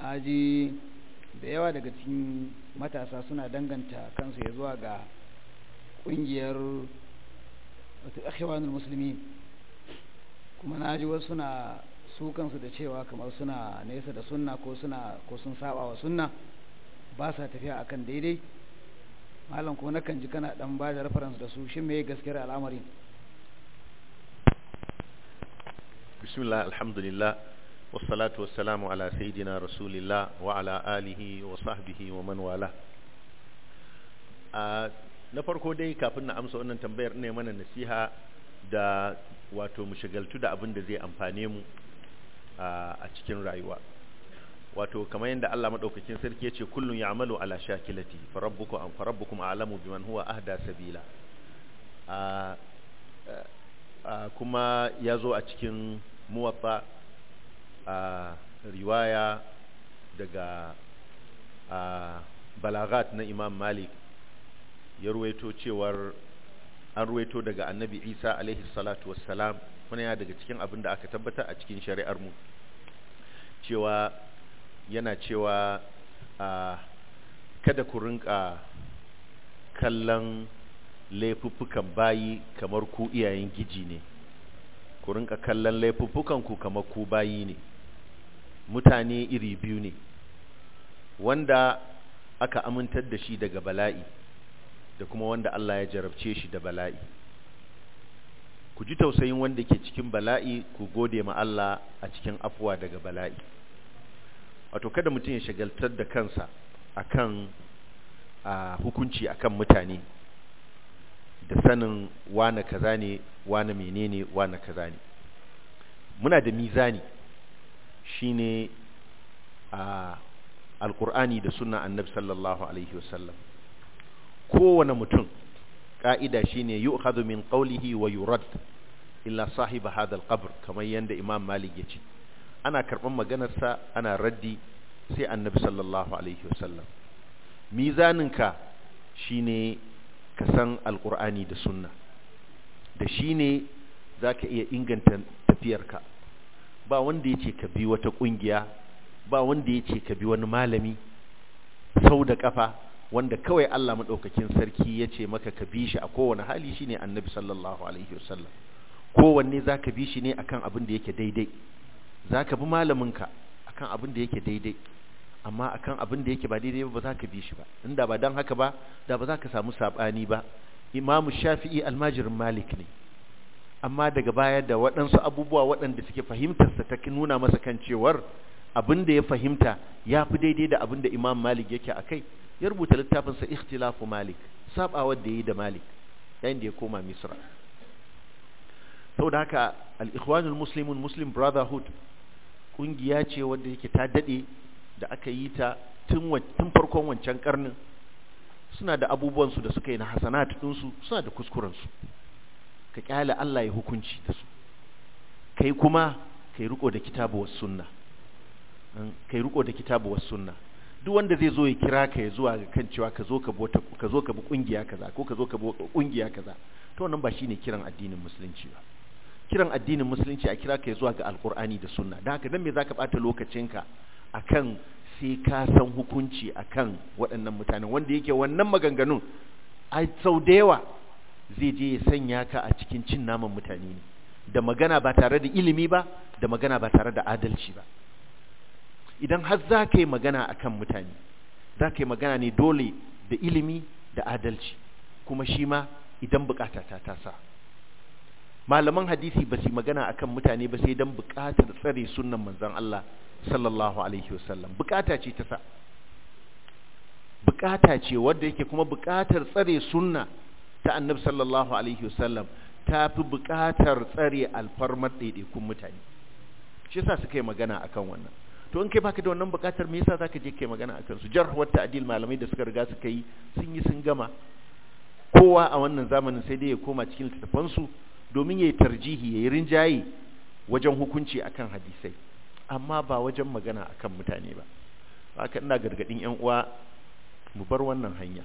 aji da yawa daga cikin matasa suna danganta kansu ya zuwa ga ƙungiyar wata akhiwanul musulmi kuma na ji wasu suna su kansu da cewa kamar suna nesa da sunna ko suna ko sun saba wa sunna ba sa tafiya akan daidai malam ko nakan ji kana dan ba da reference da su shin me gaskiyar al'amari bismillah alhamdulillah wasalatu wasalamu ala sayidina rasulillah wa ala alihi wa sahbihi wa man wala na farko dai kafin na amsa wannan tambayar ne mana nasiha da wato mu shagaltu da abin da zai amfane mu a cikin rayuwa wato kamar yadda Allah madaukakin sarki ya ce kullum kullun ya'malu ala shakilati farabbukum am farabbukum a'lamu biman huwa ahda sabila a ya zo a cikin muwatta a riwaya daga a balagat na imam malik ya ruwaito cewar an ruwaito daga annabi isa alaihi salatu wassalam wani ya daga cikin abin da aka tabbata a cikin shari'ar mu cewa yana cewa a kada ku rinka kallon laifuffukan bayi kamar ku iyayen giji ne ku rinka kallon laifuffukan ku kamar ku bayi ne mutane iri biyu ne wanda aka amintar da shi daga bala'i da kuma wanda Allah ya jarabce shi da bala'i ku ji tausayin wanda ke cikin bala'i ku gode ma Allah a cikin afuwa daga bala'i wato kada mutum ya shagaltar da kansa akan a hukunci akan mutane da sanin wane kaza ne wane menene wane kaza ne muna da mizani shine a alkur'ani da sunna annabi sallallahu alaihi wasallam kowane mutum ka'ida shine yu'khadhu min qawlihi wa yurad illa sahib hadha alqabr kamar yanda imam malik ya ce ana karban maganar sa ana raddi sai annabi sallallahu alaihi wasallam mizaninka shine ka san alkur'ani da sunna da shine zaka iya inganta tafiyarka ba wanda yace ka bi wata kungiya ba wanda yace ka bi wani malami sau da kafa wanda kawai Allah madaukakin sarki yace maka ka bi shi a kowane hali shine annabi sallallahu alaihi wasallam kowanne zaka bi shi ne akan abin da yake daidai zaka bi malaminka akan abin da yake daidai amma akan abin da yake ba daidai ba za ka bi shi ba inda ba dan haka ba da ba za ka samu sabani ba imamu shafi'i almajirin malik ne amma daga baya da waɗansu abubuwa waɗanda suke fahimtarsa ta nuna masa kan cewar abin da ya fahimta ya fi daidai da abin da imam malik yake a kai ya rubuta littafinsa ikhtilafu malik sabawar da ya yi da malik yayin da ya koma misra da haka al-ikhwanul muslimun muslim brotherhood ƙungiya ce wanda yake ta daɗe da aka yi ta tun farkon wancan karnin suna da abubuwansu da suka yi na hasana ta su suna da kuskurensu. ka kyale Allah ya hukunci da su kai kuma kai riko da kitabu was suna. kai riko da kitabu was suna. duk wanda zai zo ya kira ka ya zuwa kan cewa ka zo ka wata ka zo ka bi kungiya kaza ko ka zo ka bi kungiya kaza to wannan ba shine kiran addinin musulunci ba kiran addinin musulunci a kira ka ya zuwa ga alkur'ani da sunna da haka dan me ka bata lokacinka akan sai ka san hukunci akan waɗannan mutanen wanda yake wannan maganganun a sau da yawa zai je ya sanya ka a cikin cin naman mutane ne da magana ba tare da ilimi ba da magana ba tare da adalci ba idan har za ka yi magana a kan mutane za ka yi magana ne dole da ilimi da adalci kuma shi ma idan bukata ta tasa malaman hadisi ba su magana a kan mutane ba sai don bukatar tsare sunan manzan Allah sallallahu alaihi wasallam bukata ce ta sa bukata ce wadda yake kuma bukatar tsare sunna ta annabi sallallahu alaihi wasallam ta fi buƙatar tsare alfarmar ɗaiɗaikun mutane shi yasa suka yi magana akan wannan to in kai baka da wannan buƙatar me yasa zaka je kai magana akan su jar wat ta'dil malamai da suka riga suka yi sun yi sun gama kowa a wannan zamanin sai dai ya koma cikin littattafansu su domin yayi tarjihi yayi rinjaye wajen hukunci akan hadisai amma ba wajen magana akan mutane ba haka ina gargaɗin yan uwa mu bar wannan hanya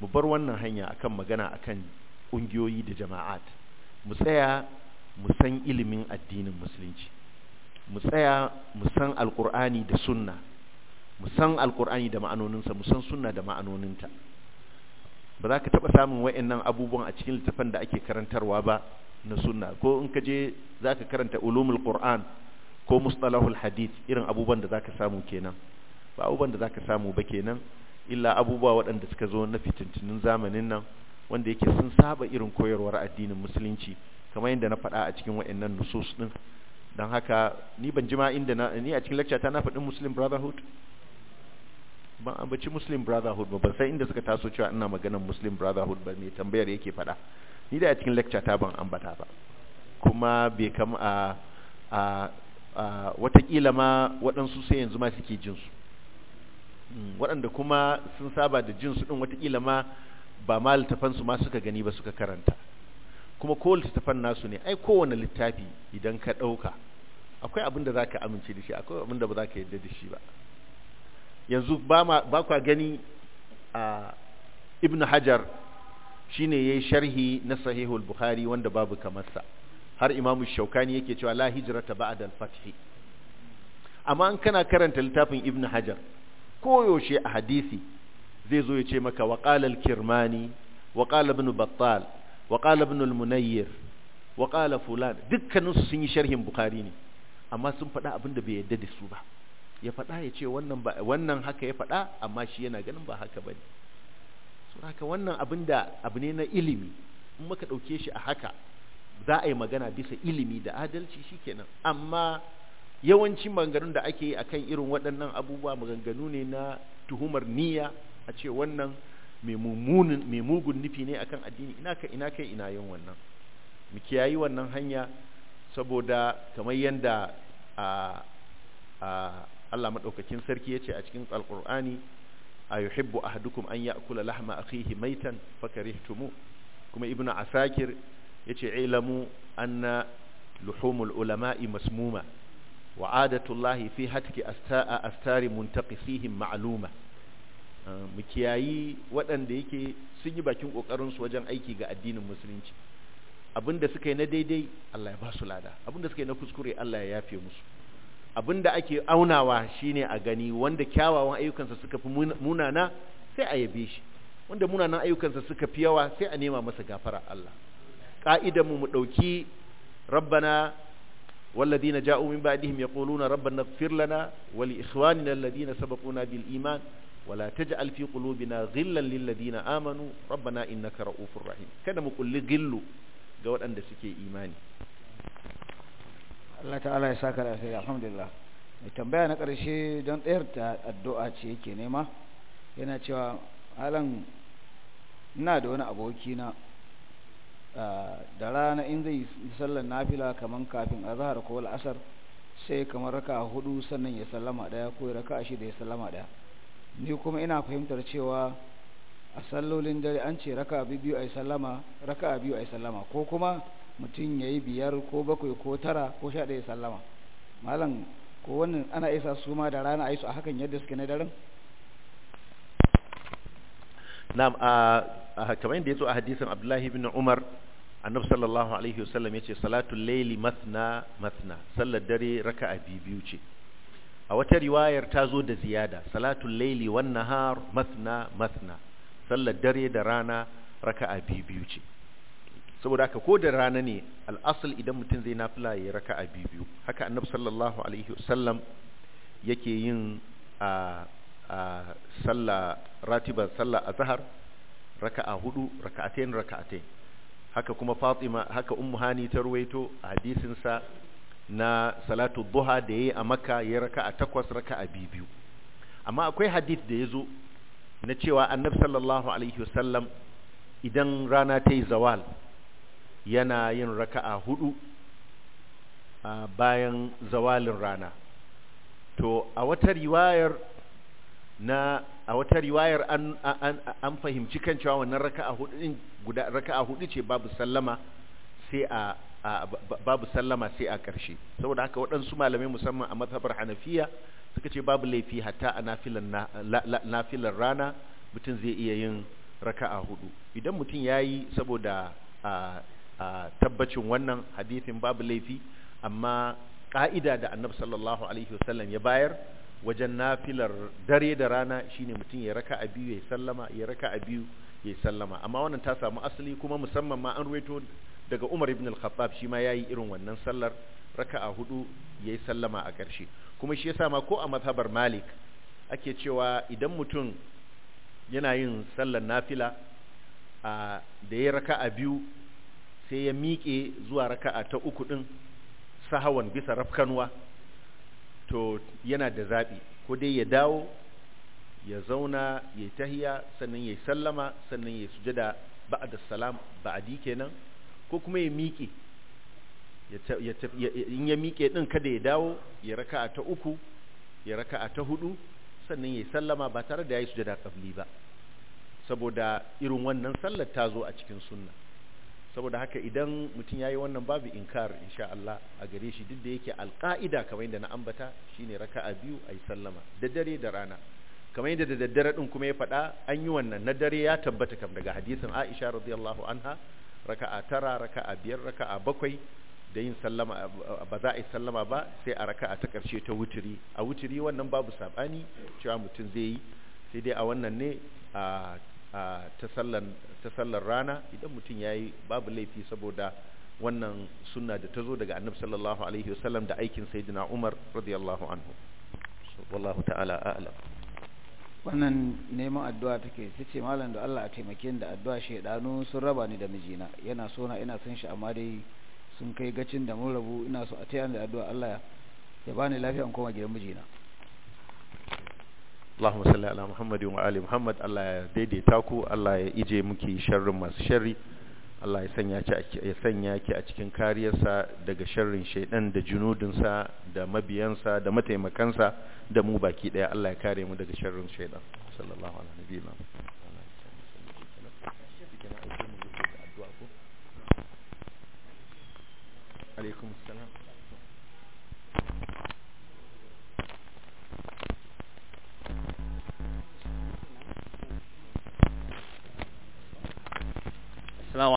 mu bar wannan hanya akan magana akan ƙungiyoyi da jama'at mu tsaya mu san ilimin addinin musulunci mu tsaya mu san alkur'ani da sunna mu san alkur'ani da ma'anoninsa mu san sunna da ma'anoninta ba za ka taɓa samun wa'in abubuwan a cikin littafan da ake karantarwa ba na sunna ko in ka je za ka karanta ulumul qur'an ko mustalahul hadith irin abubuwan da za ka samu kenan ba abubuwan da za ka samu ba kenan illa abubuwa waɗanda suka zo na fitintunin zamanin nan wanda yake sun saba irin koyarwar addinin musulunci kamar yadda na faɗa a cikin waɗannan nusus ɗin don haka ni ban jima inda na ni a cikin lecture ta na faɗin muslim brotherhood ban ambaci muslim brotherhood ba ban san inda suka taso cewa ina maganar muslim brotherhood ba mai tambayar yake faɗa ni da a cikin lecture ta ban ambata ba kuma bai kama a watakila ma waɗansu sai yanzu ma suke jinsu waɗanda kuma sun saba da jin su ɗin watakila ma ba ma littafansu ma suka gani ba suka karanta kuma ko littafan nasu ne ai kowane littafi idan ka ɗauka akwai abin da za ka amince da shi akwai abin da ba za ka yadda da shi ba yanzu ba kwa gani a ibn hajar shi ne ya yi sharhi na sahihul buhari wanda babu kamarsa har imamu shaukani yake cewa la ta ba'ad al-fath amma an kana karanta littafin ibn hajar koyaushe a hadisi zai zo ya ce maka wa qala al-kirmani wa qala ibn battal wa qala ibn al-munayyir wa qala fulan Dukkaninsu sun yi sharhin bukhari ne amma sun faɗa abin da bai yadda da su ba ya faɗa ya ce wannan ba wannan haka ya faɗa amma shi yana ganin ba haka bane so haka wannan abin da abu ne na ilimi in muka ɗauke shi a haka za a yi magana bisa ilimi da adalci shikenan amma yawancin maganganun da ake yi a kan irin waɗannan abubuwa maganganu ne na tuhumar niyya a ce wannan mai mugun nufi ne akan addini ina kai ina kai ina yin wannan mu kiyayi wannan hanya saboda kamar yadda a Allah madaukakin sarki yace a cikin alqur'ani ayuhibbu ahadukum an ya'kula lahma akhihi maitan fakarihtumu kuma ibnu asakir yace ilamu anna luhumul ulama'i masmuma wa adatullahi fi hatki asta'a astari muntaqisihim ma'luma ah, mu kiyayi waɗanda yake sun yi bakin kokarin su wajen aiki ga addinin musulunci abinda suka yi na daidai Allah ya ba su lada abinda suka yi na kuskure Allah ya yafe musu abinda ake aunawa shine a gani wanda kyawawan ayyukansa suka fi munana sai a yabe shi wanda munanan ayyukansa suka fi yawa sai a nema masa gafara Allah ka'idan mu mu dauki rabbana والذين جاءوا من بعدهم يقولون ربنا اغفر لنا ولإخواننا الذين سبقونا بالإيمان ولا تجعل في قلوبنا غلا للذين آمنوا ربنا إنك رؤوف رحيم كان مقول غلو قول أن سكي إيماني الله تعالى يساك الحمد لله tambaya na ƙarshe don tsayar da addu'a ce yake nema yana cewa halan ina da wani abokina Ah, da rana in zai yi sallar nafila kamar kafin azhar ko al'asar sai kamar raka hudu sannan ya sallama daya ko raka shida ya sallama daya ni kuma ina fahimtar cewa a sallolin dare an ce raka biyu ay sallama raka biyu ay sallama ko kuma mutum yayi biyar ko bakwai ko tara ko sha daya sallama malam ko wannan ana isa su ma da rana a yi su a hakan yadda suke na daren na'am a ah, kamar yadda ya zo a hadisin abdullahi ibn umar annabi sallallahu alaihi wasallam ya ce salatul laili mathna mathna sallar dare raka'a biyu ce a wata riwayar ta zo da ziyada salatul laili wan nahar mathna mathna sallar dare da rana raka'a biyu ce saboda haka ko da rana ne al'asul idan mutum zai nafila ya raka'a biyu haka annabi sallallahu alaihi wasallam yake yin a sallah ratiba sallah azhar raka'a hudu raka'atain raka'atain haka kuma Fatima haka Ummu Hani ta ruwaito hadisin sa na salatu duha da yayi a Makka yayi raka'a takwas raka'a biyu amma akwai hadith da yazo na cewa Annabi sallallahu alaihi wasallam idan rana ta yi zawal yana yin raka'a hudu bayan zawalin rana to a wata riwayar na a wata riwayar an, an, fahimci kan cewa wannan raka'a hudu hudu ce babu sallama sai a, a babu sallama sai a karshe saboda haka waɗansu malamai musamman a mazhabar Hanafiya suka ce babu laifi hatta a nafilan na, nafilan rana mutum zai iya yin raka'a hudu idan mutum ya yi saboda a, tabbacin wannan hadisin babu laifi amma ƙa'ida da annabi sallallahu alaihi wasallam ya bayar wajen nafilar dare da rana shine mutum ya raka a biyu ya sallama ya raka a biyu ya sallama amma wannan ta samu asali kuma musamman ma an ruwaito daga Umar ibn al-Khattab shi ma yayi irin wannan sallar raka'a hudu yayi sallama a ƙarshe kuma shi yasa ma ko a mazhabar Malik ake cewa idan mutum yana yin sallar nafila a da ya a biyu sai ya miƙe zuwa raka'a ta uku din sahawan bisa rafkanwa to yana da zaɓi ko dai ya dawo ya zauna ya yi tahiya sannan ya yi sallama sannan ya yi sujada da salam ba'adi kenan ko kuma ya miƙe in ya miƙe ɗin kada ya dawo ya raka a ta uku ya raka a ta hudu sannan ya yi sallama ba tare da ya yi sujada ƙabli ba saboda irin wannan sallar ta zo a cikin sunna saboda haka idan mutum ya yi wannan babu inkar insha Allah a gare shi duk da yake alƙa'ida kamar yadda na ambata shine raka'a biyu a yi sallama da dare da rana kamar yadda da daddare ɗin kuma ya faɗa an yi wannan na dare ya tabbata kam daga hadisin Aisha radiyallahu anha raka a tara raka a biyar raka a bakwai da yin sallama ba za a yi sallama ba sai a raka a ta ƙarshe ta wuturi a wuturi wannan babu saɓani cewa mutum zai yi sai dai a wannan ne a ta sallar rana idan mutum ya yi babu laifi saboda wannan sunna da ta zo daga annabi sallallahu alaihi wasallam da aikin saidina umar radiyallahu anhu wallahu ta'ala a'lam wannan neman addu'a take ta ce malam da Allah a taimake da addu'a shaidanu sun raba ni da mijina yana so na ina son shi amma dai sun kai gacin da mun rabu ina so a ni da addu'a Allah ya bani lafiya in koma gidan mijina Allahumma salli ala Muhammad wa ali Muhammad Allah ya daidaita ku Allah ya ije muke sharrin masu sharri Allah ya sanya ki ya sanya ki a cikin kariyarsa daga sharrin shaidan da junudinsa da mabiyansa da mataimakansa da mu baki daya Allah ya kare mu daga sharrin shaidan sallallahu alaihi wa nabiyina alaikum salam